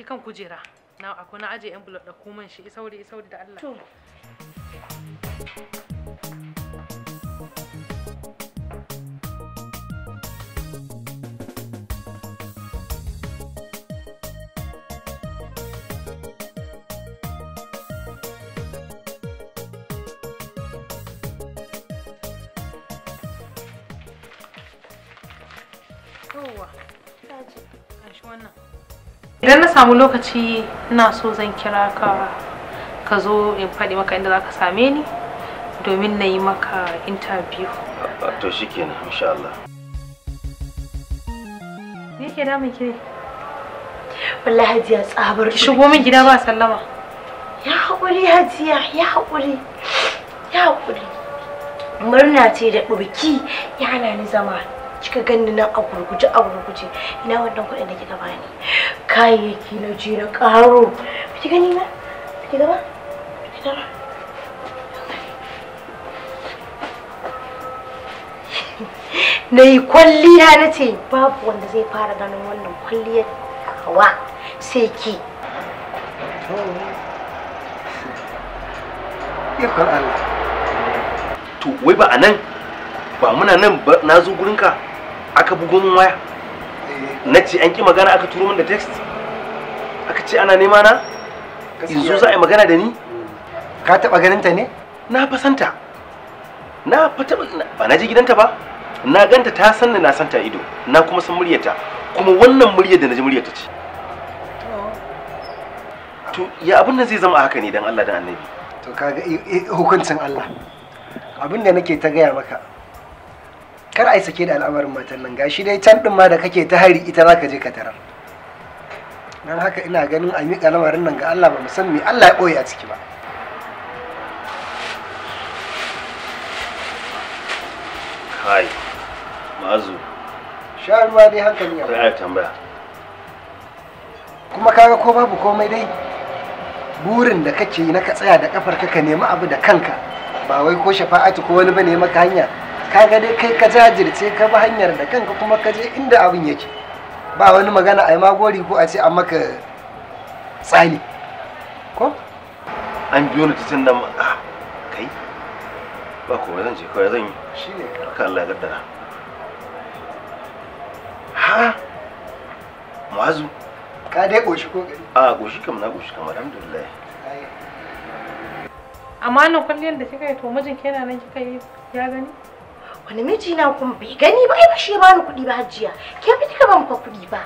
ki kan kujera na akwai na aje envelope da kuma shi isauri isauri da Allah to idan na samu lokaci ina so zan kira ka ka zo in faɗi maka inda za ka same ni domin na yi maka interview to shi kenan insha Allah me yake damun ki ne wallahi hajiya tsabar ki shigo min gida ba sallama ya haƙuri hajiya ya haƙuri ya haƙuri murna ce da ɗurki ya hana ni zama kika ganni nan a gurguje a gurguje ina wannan kuɗin da kika bani kayayyaki na je na ƙaro ki gani na ki gaba ki gaba na yi kwalliya na ce babu wanda zai fara ganin wannan kwalliyar hawa sai ki iyakar Allah to wai ba a nan ba muna nan na zo gurinka aka bugo waya na ce an ki magana aka turo min da text aka ce ana nema na yanzu za a yi magana da ni ka taba ganin ta ne na fa santa na taba ba na je gidanta ba na ganta ta san na san ta ido na kuma san muryarta kuma wannan muryar da na ji muryarta ce to ya abin nan zai zama a haka ne dan Allah dan Annabi to kaga eh, eh, hukuncin Allah abin da nake ta gaya maka kar a sake da al'amarin matan nan gashi dai can din ma da kake ta hari ita za ka je ka tarar don haka ina ganin a miƙa lamarin nan ga Allah ba san me Allah ya ɓoye a ciki ba kai mazu sha dai hankali ya ba tambaya kuma kaga ko babu komai dai burin da kake yi na ka tsaya da kafar ka ka nemi abu da kanka ba wai ko shafa'atu ko wani bane maka hanya ga dai kai ka jajirce ka bi hanyar da kanka kuma ka je inda abin yake ba wani magana a yi magori ko a ce an maka tsani ko an biyo ni titin nan ah, kai ba ko zan ce kawai zan yi ne ka Allah ya gaddara ha mazu ka dai goshi ko gari a goshi kam na goshi kam alhamdulillah amma nan kwalliyar da kika yi to mijin kenan nan kika yi ya gani wani miji na kuma bai gani ba ai ba shi bani kuɗi ba hajiya ke fi kika ban fa kuɗi ba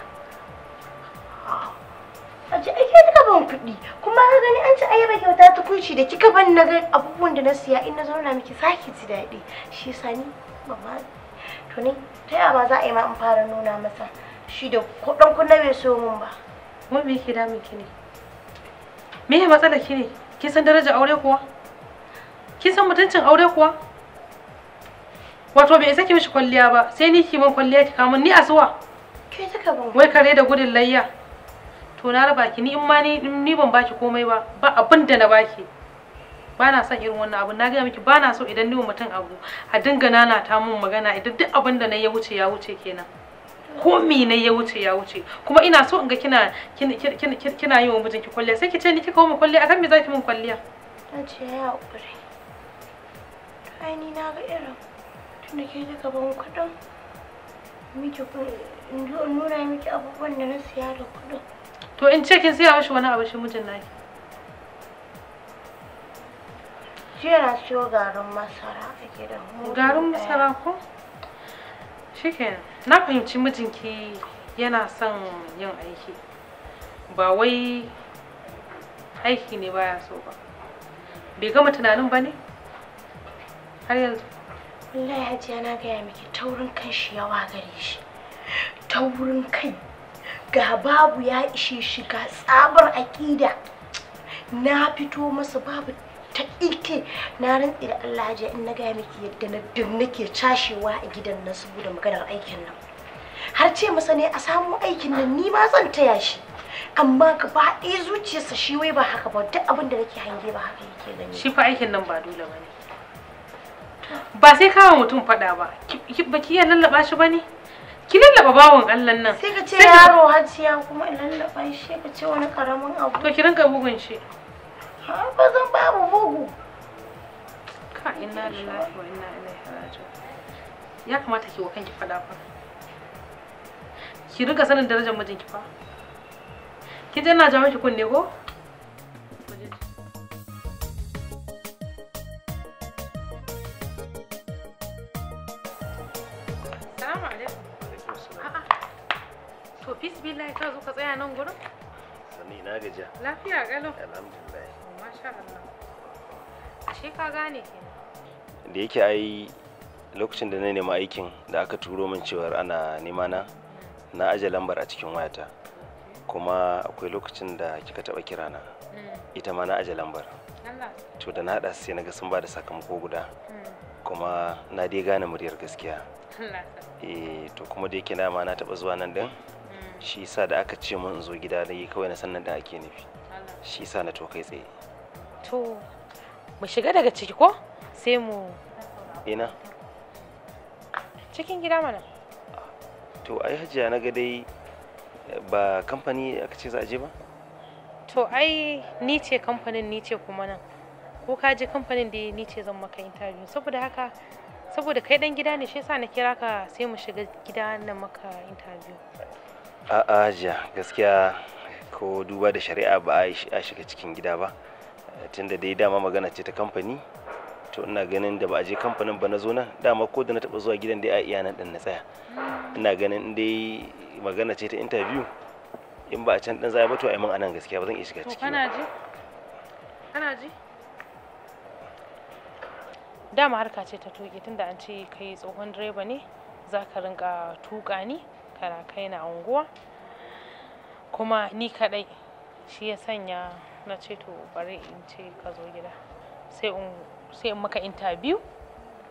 aje ai ke kika ban kuɗi kuma ka gani an ci ayyaba kyauta ta kunshi da kika ban na ga abubuwan da na siya in na zauna miki saki ji daɗi shi yasa ni mama to ne ta yaba za a yi ma an fara nuna masa shi da kuɗin kunna bai so mun ba mun bi ki da ki ne me ya matsala ki ne kin san darajar aure kuwa kin san mutuncin aure kuwa wato bai isa ki mishi kwalliya ba sai ni ki min kwalliya ki kamun ni asuwa ke kika ba wai kare da gudun layya to na raba ki ni in ma ni ni ban baki komai ba ba abin da na baki ba na son irin wannan abin na gaya miki ba na so idan ni mutum abu a dinga nana ta mun magana idan duk abin da na ya wuce ya wuce kenan ko ne ya wuce ya wuce kuma ina so in ga kina kina yi wa mijinki kwalliya sai ki ce ni kika wa kwalliya akan me zaki min kwalliya ta ce ya hakuri ai ni na ga irin tunda ke da gaban kuɗin in nuna miki abubuwan da na siya da kuɗin to in ce kin siya mishi wani abu shi mijin naki shi yana siyo garin masara a gidan garin eh. masara ko shikenan na fahimci mijinki yana son yin aiki ba wai aiki ne baya so ba bai gama tunanin ba ne har yanzu wallahi hajiya na gaya miki taurin kan shi yawa gare shi taurin kai ga babu ya ishe shi ga tsabar aƙida na fito masa babu ta ike na rantsi da Allah ji in na gaya miki yadda na dun nake cashewa a gidan nan saboda maganar aikin nan har ce masa ne a samu aikin nan ni ma zan taya shi amma ba ɗaya zuciyarsa shi wai ba haka ba duk abin da nake hange ba haka yake gani shi fa aikin nan ba dole ba ne ba sai kawo mutum fada ba ba ki iya lallaba shi ba ne ki lallaba bawon Allah nan sai ka ce yaro hajiya kuma lallaba shi ka ce wani karamin abu to ki rinka bugun shi ha ba zan ba mu bugu ka inna lillahi wa inna ilaihi raji'un ya kamata ki wa kanki fada fa ki rinka sanin darajar mijinki fa ki je na ja miki kunne ko To bismillah ka zo ka tsaya nan gurin? Sani na gajiya. Lafiya kalau. Alhamdulillah. Masha Allah. Ashe ka gane kenan. Da yake ai lokacin da na nema aikin da aka turo min cewar ana nema na na aje lambar a cikin wayata. Kuma akwai lokacin da kika taba kira na. Mm. Ita ma na aje lambar. To da na haɗa sai na ga sun ba da sakamako guda. Mm. Kuma na dai gane muryar gaskiya. Eh to kuma da yake na ma na taɓa zuwa nan din. shi sa da aka ce mun zo gida na yi kawai na sannan da ake nufi shi sa na to kai tsaye to mu shiga daga ciki ko sai mu ina cikin gida mana to ai hajiya na ga dai eh, ba kamfani aka ce za a je ba to ai ni ce kamfanin ni ce kuma nan ko ka je kamfanin da ni ce zan maka interview saboda haka saboda kai dan gida ne shi yasa na kira ka sai mu shiga gida na maka interview a'a jiya gaskiya ko duba da shari'a ba a shiga cikin gida ba tunda dai dama magana ce ta kamfani to ina ganin da ba a je kamfanin ba na zo nan dama ko da na taba zuwa gidan dai a iya nan na tsaya hmm. ina ganin dai magana ce ta interview in ba a can dan zai ba to ai mun anan gaskiya ba zan iya shiga ciki kana ji kana ji dama harka ce ta toge tunda an ce kai tsohon direba ne za ka rinka tuka ni tarakai na unguwa kuma ni kadai shi ya sanya na ce to bari in ce ka zo gida sai in maka interview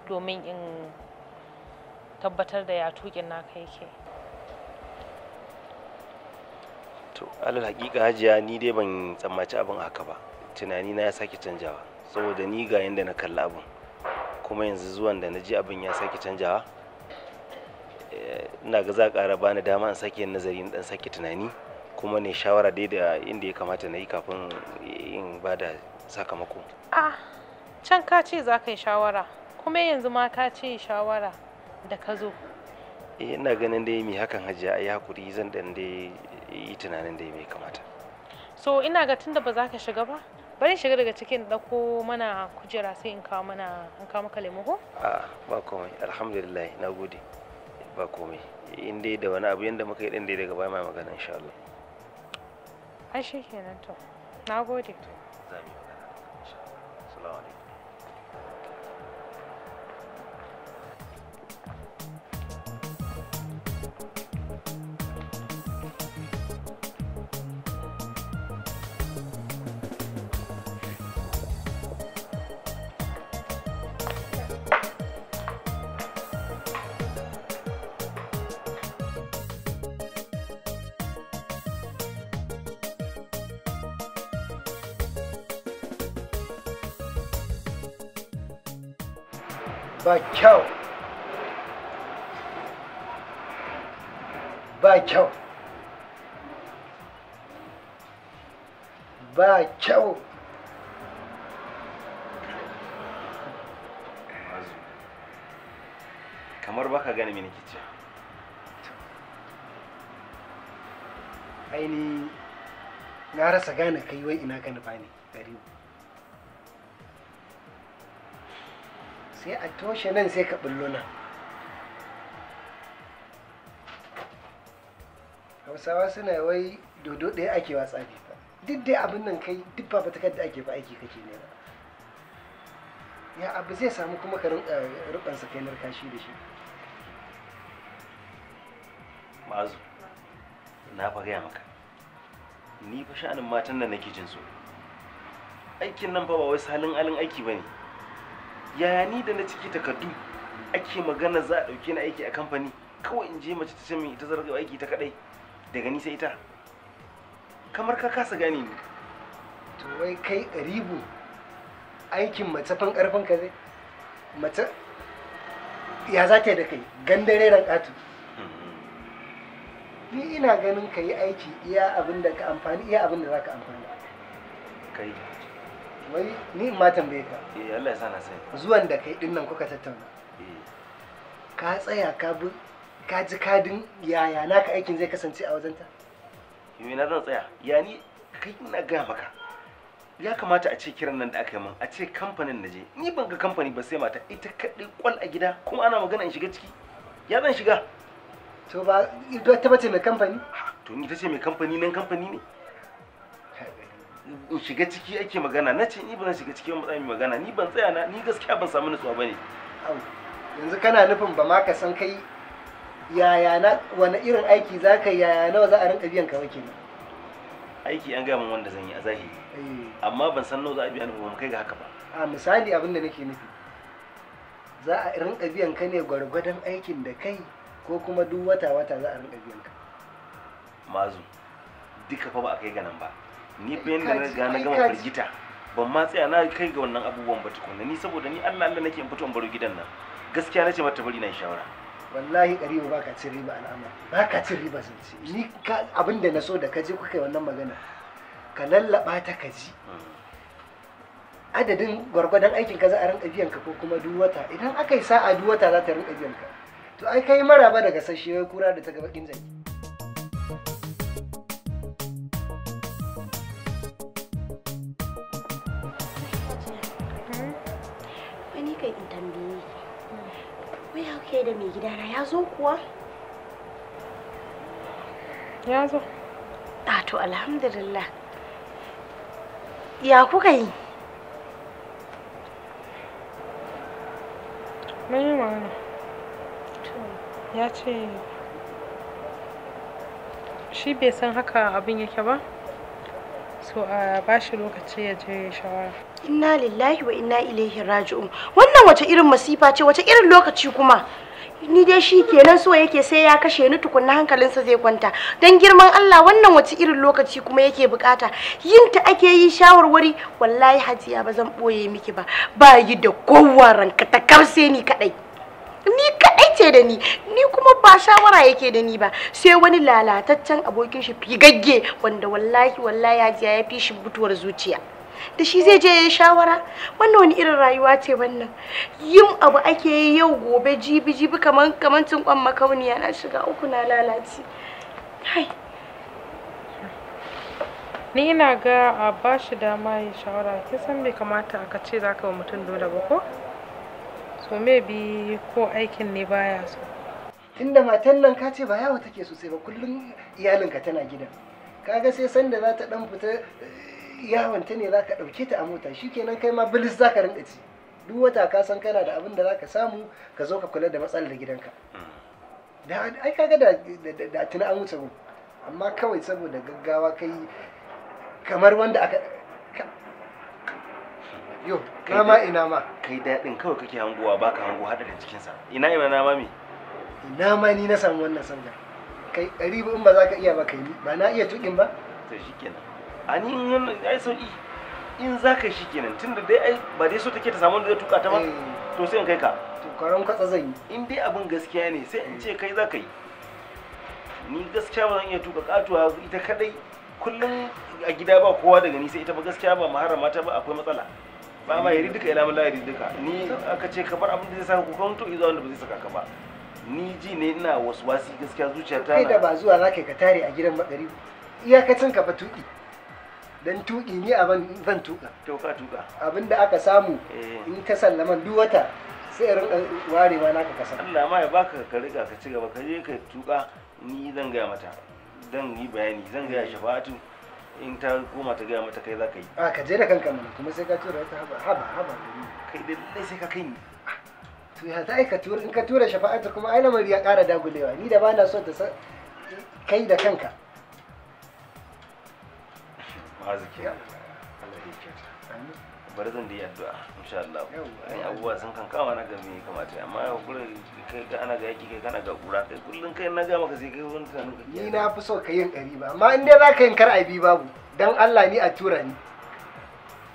domin in tabbatar da ya tukin naka yake to alal hakika hajiya ni dai ban tsammaci abin haka ba tunani na ya sake canjawa saboda ni ga yadda na kalli abin kuma yanzu zuwan da na ji abin ya sake canjawa ina ga za ƙara bani dama in sake nazari na dan sake tunani kuma ne shawara dai da inda ya kamata na yi kafin in ba da sakamako a can ka ce za ka yi shawara kuma yanzu ma ka ce shawara da ka zo eh ina ganin dai mai hakan hajiya ai hakuri zan dan dai yi tunanin da ya kamata so ina ga tunda ba za ka shiga ba bari shiga daga cikin ɗauko mana kujera sai in kawo mana in kawo maka lemo ko? a ba komai alhamdulillah na gode ba komai in dai da wani abu yadda muka yi ɗin dai daga baya ma magana insha ashe kenan to na gode ba kyau ba kyau ba kyau kamar baka gane me nake ce aini na rasa gane kai wai ina ka nufa ne sai a toshe nan sai ka bulluna nan hausawa suna wai dodo ɗaya ake watsa ne ba duk dai abin nan kai duk ba fata da ake ba aiki kake ne ba ya abu zai samu kuma ka rubansa kai narkashi da shi ma'azu na fa gaya maka ni fa sha'anin matan da nake jin su. aikin nan fa ba wai salin alin aiki ba ne yaya ni da na ciki takardu ake magana za a dauke ni aiki a kamfani kawai in je mace ta ce min ita zarga aiki ta kadai daga ni sai ita kamar ka kasa gane ni to wai kai karibu aikin mace fan karfin ka zai mace ya za ta da kai gandare ran katu ni ina ganin ka yi aiki iya abin da ka amfani iya abin da za ka amfani kai wai ni in ma tambaye ka eh Allah ya sa na sai zuwan da kai dinnan kuka tattauna eh. ka tsaya ka bi ka ji kadin yaya naka aikin zai kasance a wajenta yi na zan tsaya ya ni kai ina gaya maka ya kamata a ce kiran nan da aka yi min a ce kamfanin na je ni ban ga kamfani ba sai mata ita kaɗai kwal a gida kuma ana magana in shiga ciki ya zan shiga to ba ita bace mai kamfani to ni ta ce mai kamfani nan kamfani ne shiga ciki ake magana na ce ni ba zan shiga ciki ba mu magana ni ban tsaya na ni gaskiya ban samu nutsuwa bane yanzu kana nufin ba ma ka san kai yaya na wani irin aiki za ka yaya nawa za a rinka biyan ka wakili aiki an gaya min wanda zan yi a zahiri eh. amma ban san nawa za a biya ni ba kai ga haka ba a misali abin da nake nufi za a rinka biyan ka ne gwargwadon aikin da kai ko kuma duk wata wata za a rinka biyan ka mazu duka fa ba a kai ga nan ba ni bayan yanda na gane na gama firgita ban ma tsaya na kai ga wannan abubuwan ba tukunna ni saboda ni Allah Allah nake in fito in baro gidan nan gaskiya nace mata bari na shawara wallahi karibu baka cin riba al'amma baka cin riba zance ni ka abinda na so da ka je kuka yi wannan magana ka lallaba ta ka ji adadin gwargwadon aikin ka za a rinka biyan ka ko kuma duk wata idan aka yi sa'a duk wata za ta rinka biyan ka to ai kai maraba daga sashe kura da ta gaba kin da mai gidana ya zo kuwa? Ya zo. A ah, to alhamdulillah. Ya kuka yi? Mun yi magana. Ya ce shi bai san haka abin yake ba? so a ba shi lokaci ya je shawara inna lillahi wa inna ilaihi raji'un wannan wace irin masifa ce wace irin lokaci kuma ni dai shi kenan so yake sai ya kashe ni tukunna hankalinsa zai kwanta don girman Allah wannan wace irin lokaci kuma yake bukata yin ta ake yi shawarwari wallahi hajiya ba zan boye miki ba ba yi da kowa ranka ta karse ni kadai ni kadai ce da ni ni kuma ba shawara yake da ni ba sai wani lalataccen abokin shi figagge wanda wallahi wallahi hajiya ya fi shi mutuwar zuciya da shi zai je ya yi shawara wannan wani irin rayuwa ce wannan yin abu ake yi yau gobe jibi jibi kaman kaman kwan makauniya na shiga uku na lalace hai ni ina ga a ba shi dama ya shawara ki san bai kamata aka ce za ka mutum dole ba ko so maybe ko aikin ne baya so tunda matan nan ka ce ba yawa take sosai ba kullum iyalinka tana gidan kaga sai sanda za ta dan fita yawon ta ne zaka ɗauke ta a mota shikenan kai ma bilis zaka rinka ci duk wata ka san kana da abin da zaka samu ka zo ka kula da matsalar gidanka da ai kaga da da tuna an wuce amma kawai saboda gaggawa kai kamar wanda aka yo kama ina ma kai daɗin kawai kake hanguwa baka hango cikin cikinsa ina ina na mami ina ma ni na samu wannan sanda kai ƙaribu in ba za ka iya ba kai ba na iya tukin ba to shikenan ani wannan ai sauki in za ka shi kenan tunda dai ai ba dai so take ta samu wanda zai tuka ta ba eh. to sai in kai ka to karam katsa zan yi in dai abin gaskiya ne sai in ce hmm. kai za ka yi ni gaskiya ba zan iya tuka katuwa ita kadai kullum a gida ba kowa daga ni sai ita ba gaskiya ba maharama ta ba akwai matsala ba ma yari duka ilamin lahari duka ni aka ce ka bar abin da zai saka kukan to izuwa wanda ba zai saka ka ba ni ji ne ina wasu wasi gaskiya zuciya ta na. kai da ba zuwa za ka tare a gidan makari iyakacin ka ba tuki dan tuki ni a zan tuka Tuka tuka. Abin abinda aka samu eh. in ka sallaman duk wata sai in rinka ware ma naka kasa Allah ma ya baka ka riga ka ci gaba ka je ka tuka ni zan gaya mata zan yi bayani zan gaya shafa'atu in ta koma ta gaya mata kai za ka yi a ka je da kanka mana kuma sai ka tura ta haba haba haba kai da lallai sai ka kai ni to ya za ka tura in ka tura shafa'atu kuma ai lamari ya ƙara dagulewa ni da ba na so ta kai da kanka ma'azu Allah ya bari zan da yi addu'a insha Allah ai sun na ga me kamata amma yau kullum kai ana ga yaki kai kana ga kura kai kullum kai na ga maka sai kai wani tunanin ka ni na fi so ka yin ɗari ba amma in dai za ka yin kar a bi babu dan Allah ni a tura ni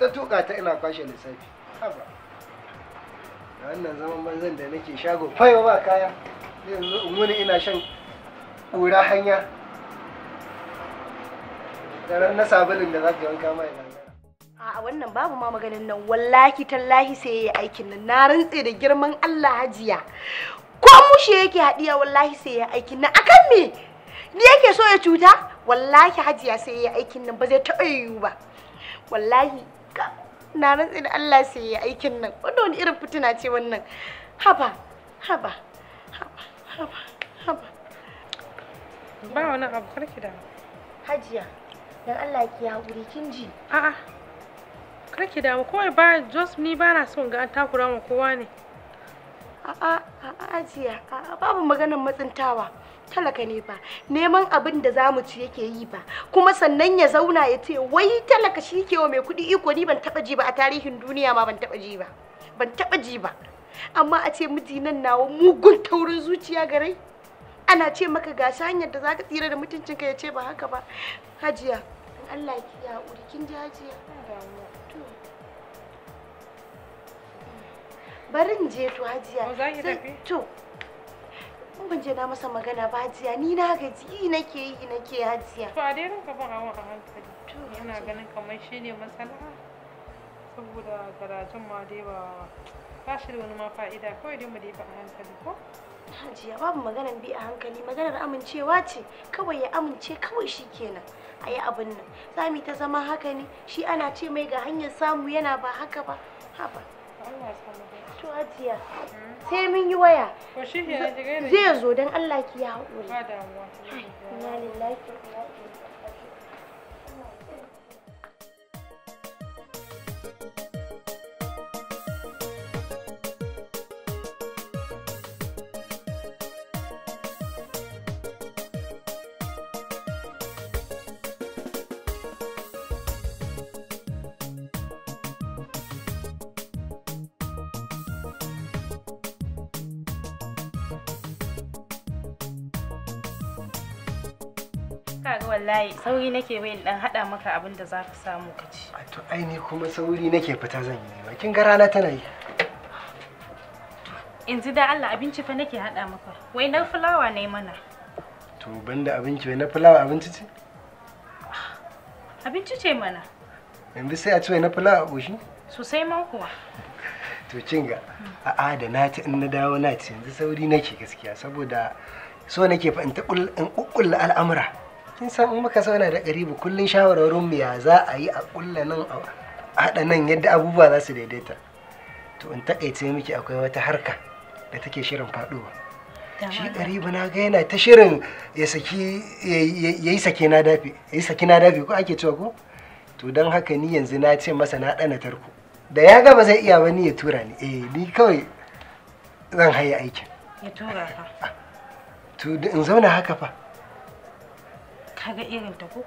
ta tuka ta ina kwashe lissafi haba wannan zaman banzan da nake shago fai ba kaya yanzu wani ina shan ƙura hanya garan na sabulin da za ka wanka mai gangara a wannan babu ma maganin nan wallahi tallahi sai yayi aikin nan na rantse da girman Allah hajiya ko mushe yake haɗiya wallahi sai yayi aikin nan akan me ni yake so ya cuta wallahi hajiya sai yayi aikin nan ba zai taɓa yiwu ba wallahi na rantse da Allah sai yayi aikin nan wani irin fitina ce wannan haba haba haba haba haba ba wani abu karki da hajiya dan Allah ki haƙuri kin ji a'a kar ki damu kawai ba just ni ba na son ga an takura ma kowa ne a'a jiya, ajiya a'a babu maganar matsintawa talaka ne ba neman abin da zamu ci yake yi ba kuma sannan ya zauna ya ce wai talaka shi ke wa mai kuɗi iko ni ban taɓa ji ba a tarihin duniya ma ban taɓa ji ba ban taɓa ji ba amma a ce miji nan nawa mugun taurin zuciya garai ana ce maka gashi hanyar da zaka tsira da mutuncinka ya ce ba haka ba hajiya in Allah ki ya haƙuri kin ji hajiya barin je to hajiya to ban je na masa magana ba hajiya ni na gaji nake yi nake hajiya to a dai ranka ban hawan a hankali to yana ganin kamar shi ne masana saboda karatun ma dai ba ba shi da wani ma fa'ida kawai dai mu dai ba a hankali ko hajiya babu maganar bi a hankali maganar amincewa ce kawai ya amince kawai shi kenan a yi abin nan sami ta zama haka ne shi ana ce mai ga hanyar samu yana ba haka ba haba to hajiya sai mun yi waya zai zo don allah ki ya haƙuri kaga wallahi sauri nake mai dan hada maka abin da zaka samu ka ci a to ai ni kuma sauri nake fita zan yi ba kin ga rana tana yi yanzu da Allah abinci fa nake hada maka wai na fulawa ne mana to banda abinci wai na fulawa abinci ce abinci ce mana yanzu sai a ci wai na fulawa goshi sosai ma kuwa to cinga a'a da na ci in na dawo na ci yanzu sauri nake gaskiya saboda so nake fa in ta in al'amura kin san in muka zauna da karibu kullun shawarwarin mu ya za a yi a kulla nan a haɗa nan yadda abubuwa za su daidaita to in takaice miki akwai wata harka da take shirin faɗowa shi karibu na ga yana ta shirin ya saki ya yi na dafe ya saki na dafe ko ake cewa ko to dan haka ni yanzu na ce masa na dana tarko da ya ga ba zai iya ba ni ya tura ni eh ni kawai zan haya aikin ya tura ka to in zauna haka fa kaga irin ta ko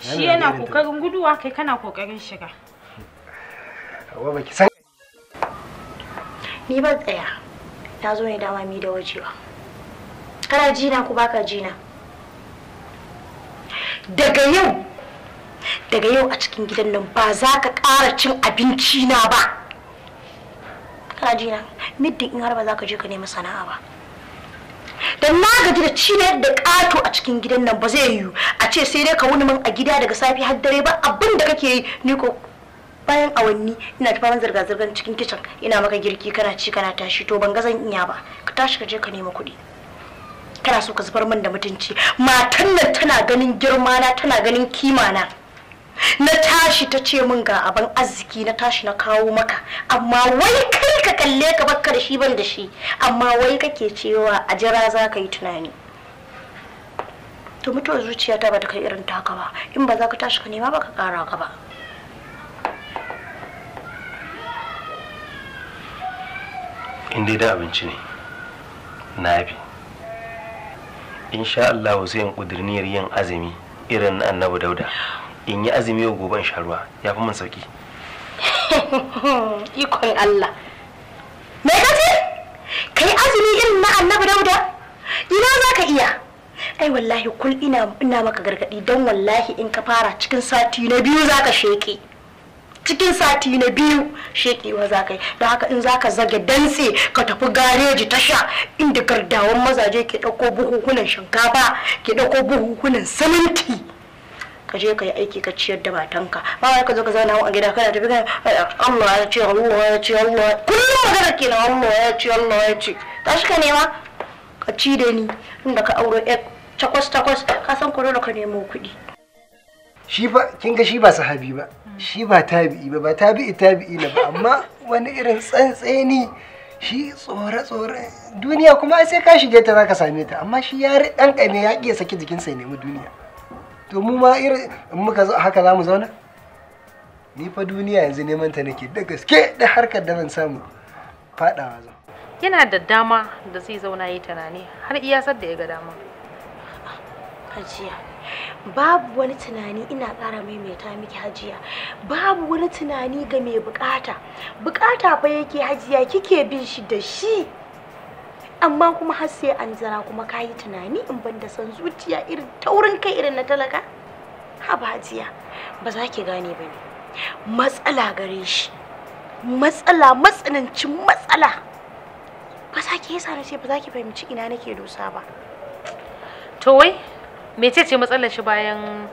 shi yana kokarin guduwa kai kana kokarin shiga baki san ni ba tsaya ta zo ne dama mi da wajewa kana jina ku baka jina daga yau daga yau a cikin gidan nan ba za ka ƙara cin abinci na ba kana jina middin in har ba za ka je ka nemi sana'a ba don na gaji da ciyar da ƙato a cikin gidan nan ba zai yiwu a ce sai dai ka wuni min a gida daga safe har dare ba abin da kake yi ni ko bayan awanni ina ta faman zirga-zirgar cikin kicin ina maka girki kana ci kana tashi to ban ga zan iya ba ka tashi ka je ka nemi kuɗi kana so ka zubar min da mutunci matan nan tana ganin girma na tana ganin kima na na tashi ta ce min ga abin arziki na tashi na kawo maka amma wai kai ka kalle ka bakka da shi ban da shi amma wai kake cewa a jira za ka yi tunani to mutuwar zuciya ta bata kai irin taka ba in ba za ka tashi ka nema ba ka kara ka ba in dai da abinci ne na bi insha Allah sai in kudirniyar yin azumi irin annabi dauda in yi azumi yau gobe in sha ya fi min sauki ikon Allah me kace kai azumi irin na annabi dauda ina za ka iya ai wallahi kul ina ina maka gargadi don wallahi in ka fara cikin sati na biyu za ka sheke cikin sati na biyu shekewa za ka yi don haka in za ka zage dantse ka tafi gareji tasha inda gardawan mazaje ke ɗauko buhuhunan shinkafa ke ɗauko buhuhunan siminti ka je ka yi aiki ka ciyar da matanka ba ka zo ka zauna a gida kana tafi kana Allah ya ce Allah ya ce Allah kullum magana kenan Allah ya ce Allah ya ce tashi ka nema ka ci da ni inda ka auro takwas takwas ka san ko dole ka nemo kuɗi shi ba kin ga shi ba sahabi ba shi ba tabi'i ba ba tabi'i tabi'i na ba amma wani irin tsantseni shi tsore-tsore duniya kuma sai ka shige ta zaka same ta amma shi ya dan kame ya iya saki jikinsa ya nemi duniya to mu ma irin in muka haka za mu zauna ni fa duniya yanzu neman ta nake da gaske da harkar da zan samu fadawa zan yana da dama da zai zauna yi tunani har iyasar da ya ga dama hajiya babu wani tunani ina ƙara maimaita miki hajiya babu wani tunani ga mai bukata bukata fa yake hajiya kike bin shi da shi amma kuma har sai an jira kuma ka yi tunani in ban da san zuciya irin taurin kai irin na talaka ha bajiya ba za ki gane ba ne matsala gare shi matsala matsanancin matsala ba za ki yasa na ce ba za ki fahimci ina nake dosa ba to wai mece ce matsalar shi bayan